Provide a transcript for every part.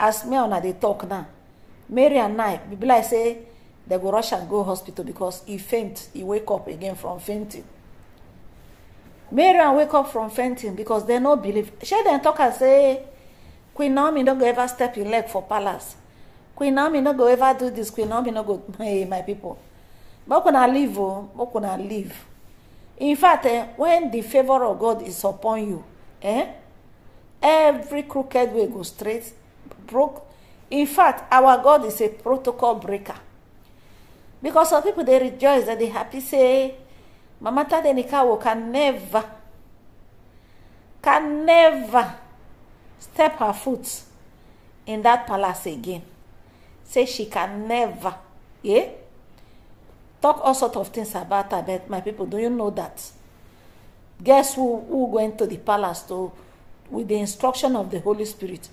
as me and i they talk now mary and i be like say they go rush and go hospital because he faint He wake up again from fainting mary and wake up from fainting because they no believe She dem talk and say queen naomi no go ever step im leg for palace queen naomi no go ever do this. queen naomi no go hey my people. pipo make una leave o make una leave in fact eh, when the favor of god is upon you eh, every crooked way go straight broke. In fact, our God is a protocol breaker. Because some people, they rejoice and they happy, say, Mama Tadenikawo can never, can never step her foot in that palace again. Say she can never, yeah? Talk all sorts of things about her, but my people, do you know that? Guess who, who went to the palace to, with the instruction of the Holy Spirit?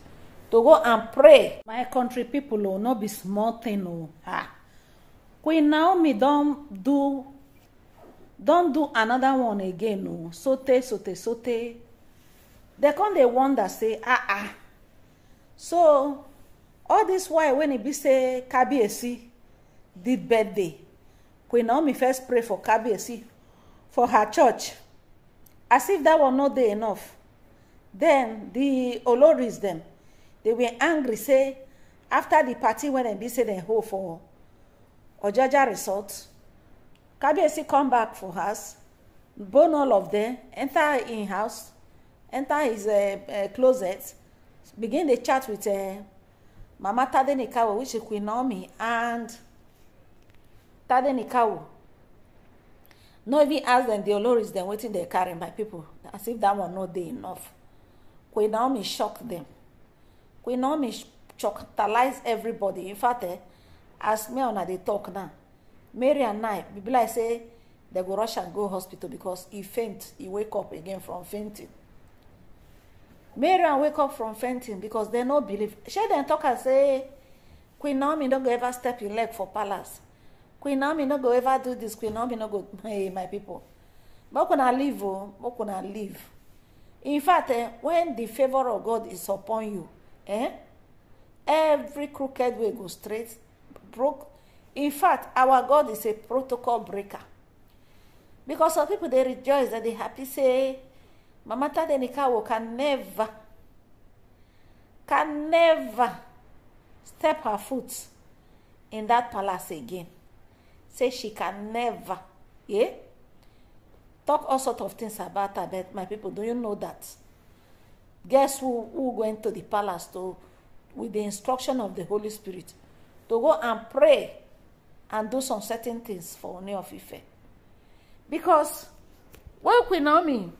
to go and pray my country people o oh, no be small thing o oh. ah queen naomi don do don't do another one again o oh. sote sote sote dem come dey wonder say ah ah so all this why when e be say kabiyesi did birthday queen naomi first pray for kabiyesi for her church as if that one not there enough then the oloris them they were angry say after the party when they be say dem hold for ojaja resort kabiyesi come back for us, burn all of them, enter in house enter his uh, uh, closet begin the chat with uh, mama tadenikawo which is queen naomi and tadenikawo no even ask dem the oloris dem waiting dey carry my people as if that one not dey enough queen naomi shocked them. Queen Naomi choctalize everybody in fact eh, as me una dey talk now mary and i be be like say dem go rush am go hospital because e faint e wake up again from fainting mary and wake up from fainting because dem no believe shey dem talk am say queen naomi no go ever step im leg for palace queen naomi no go ever do this queen naomi no go hey my people make una leave oh, o make una leave in fact eh, when the favour of god is upon you Eh? Every crooked way go straight, broke. In fact, our God is a protocol breaker. Because some people they rejoice and they happy say, Mama Tadenikawo can never, can never step her foot in that palace again. Say she can never, yeah? Talk all sorts of things about her, but my people, do you know that? guess who who went to the palace to with the instruction of the holy spirit to go and pray and do some certain things for Oni of Ife. Because when Queen Naomi,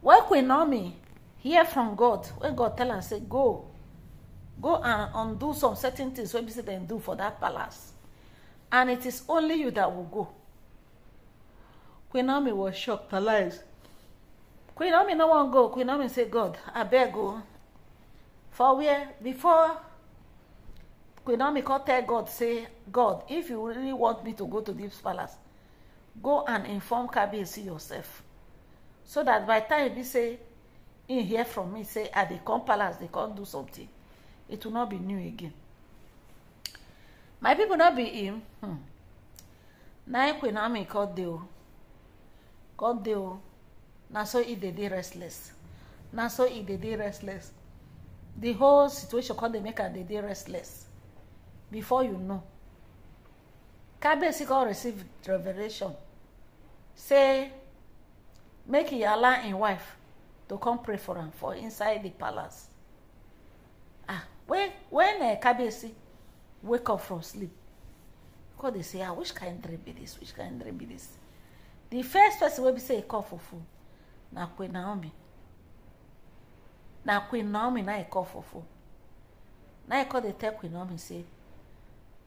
when Queen Naomi hear from God, when God tell am say go, go and undo some certain things wey be say dem do for that palace, and it is only you that will go. Queen Naomi was shocked, realized queen naomi no wan go queen naomi say god I beg o for where before queen naomi come tell god say god if you really want me to go to this palace go and inform Kabi and see yourself so that by time he say he hear from me say at the come palace dey come do something it will not be new again my people not be him hmm. na him queen naomi come dey o come na so e dey dey restless na so e dey dey restless the whole situation come dey make am dey dey restless before you know kabesi come receive revelation say make he allow him wife to come pray for am for inside the palace ah when when uh, eh, kabesi wake up from sleep come dey say ah which kind dream be this which kind dream be this the first person wey be say he call for food na queen naomi na queen naomi na e call for na e call dey tell queen naomi say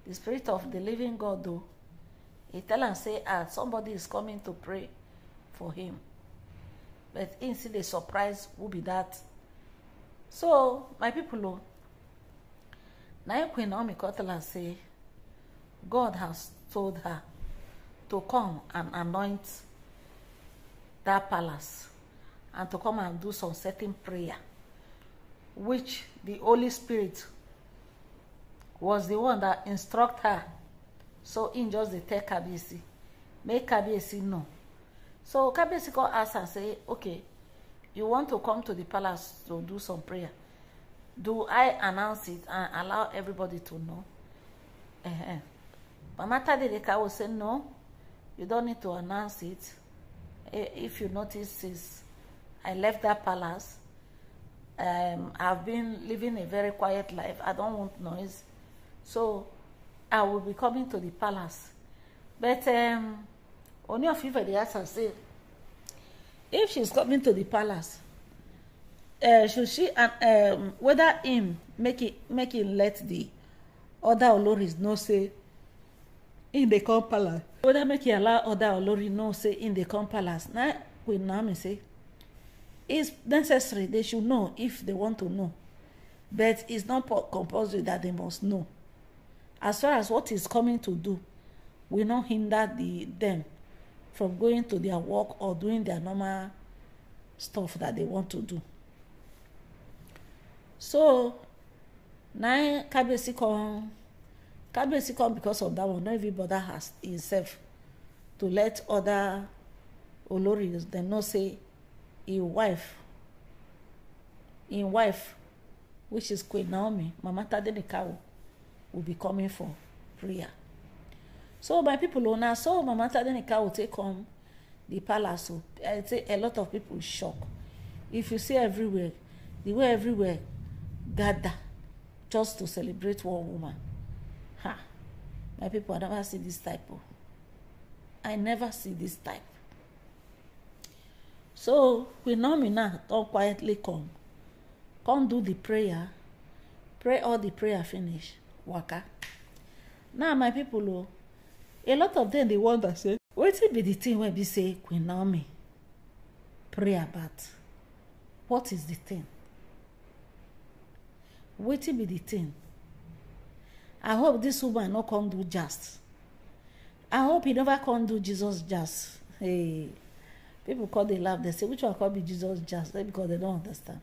the spirit of the living god o he tell am say ah somebody is coming to pray for him but him still dey surprise who be that so my people o oh, na him queen naomi call tell am say god has told her to come and anoint that palace and to come and do some certain prayer which the Holy Spirit was the one that instruct her so him just dey tell Kabiyesi make Kabiyesi know so Kabiyesi come ask am say okay you want to come to the palace to do some prayer do I announce it and allow everybody to know uh -huh. Mama Tadeleka will say no you don't need to announce it Eh, if you notice, since I left that palace. Um, I've been living a very quiet life. I don't want noise. So I will be coming to the palace. But um, only of you they asked and say, if she's coming to the palace, uh, should she and um, whether him make it make him let the other Oloris know say in the come palace whether make you allow oda olori know say in the come palace na queen naomi say it's necessary they should know if they want to know but it's not compulsory that they must know as far as what is coming to do we not hinder the them from going to their work or doing their normal stuff that they want to do so na kabesi come kabiyesi come because of that one Not even bother her himself to let other oloris dem know say im wife im wife which is queen naomi mama tadenikawo will be coming for prayer so my people una so mama tadenikawo take come the palace So oh, i say a lot of people shock if you see everywhere the way everywhere gather just to celebrate one woman ha my people i never see this type oh. i never see this type so queen nomina don quietly come come do the prayer pray all the prayer finish waka now my people oh, a lot of them dey wonder say wetin be the thing wey be say queen naomi pray about what is the thing wetin be the thing I hope this woman not come do just. I hope he never come do Jesus just. Hey, people call they laugh. They say which one call be Jesus just? They because they don't understand.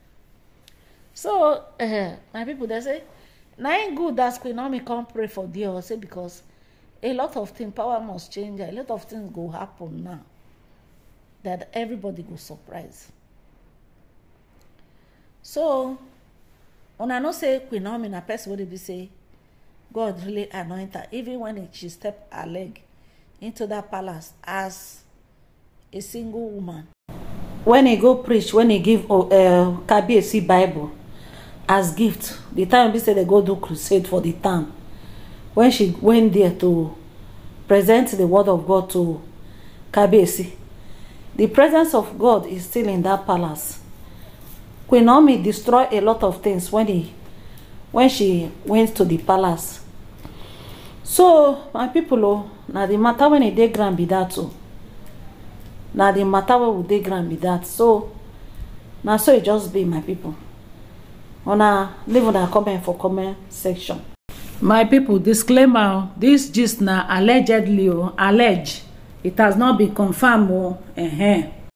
So uh, my people they say, na ain't good that Queen Naomi come pray for Dior. Say because a lot of things power must change. A lot of things go happen now that everybody go surprise. So I know say Queen Naomi na person what dey be say. God really anoint her, even when she stepped her leg into that palace as a single woman. When he go preach, when he give oh, uh, Kabiyesi Bible as gift, the time he said they go do crusade for the town. When she went there to present the word of God to KBC, the presence of God is still in that palace. Queen Naomi destroy a lot of things when he When she went to the palace so my people, oh, now the matter when e dey grand be that, o oh. now the matter wey we dey ground be that, so now so it e just be my people, pipo una leave una comment for comment section my people, disclaimer oh, this just now allegedly o oh, allege it has not been confirmed, oh, uh -huh.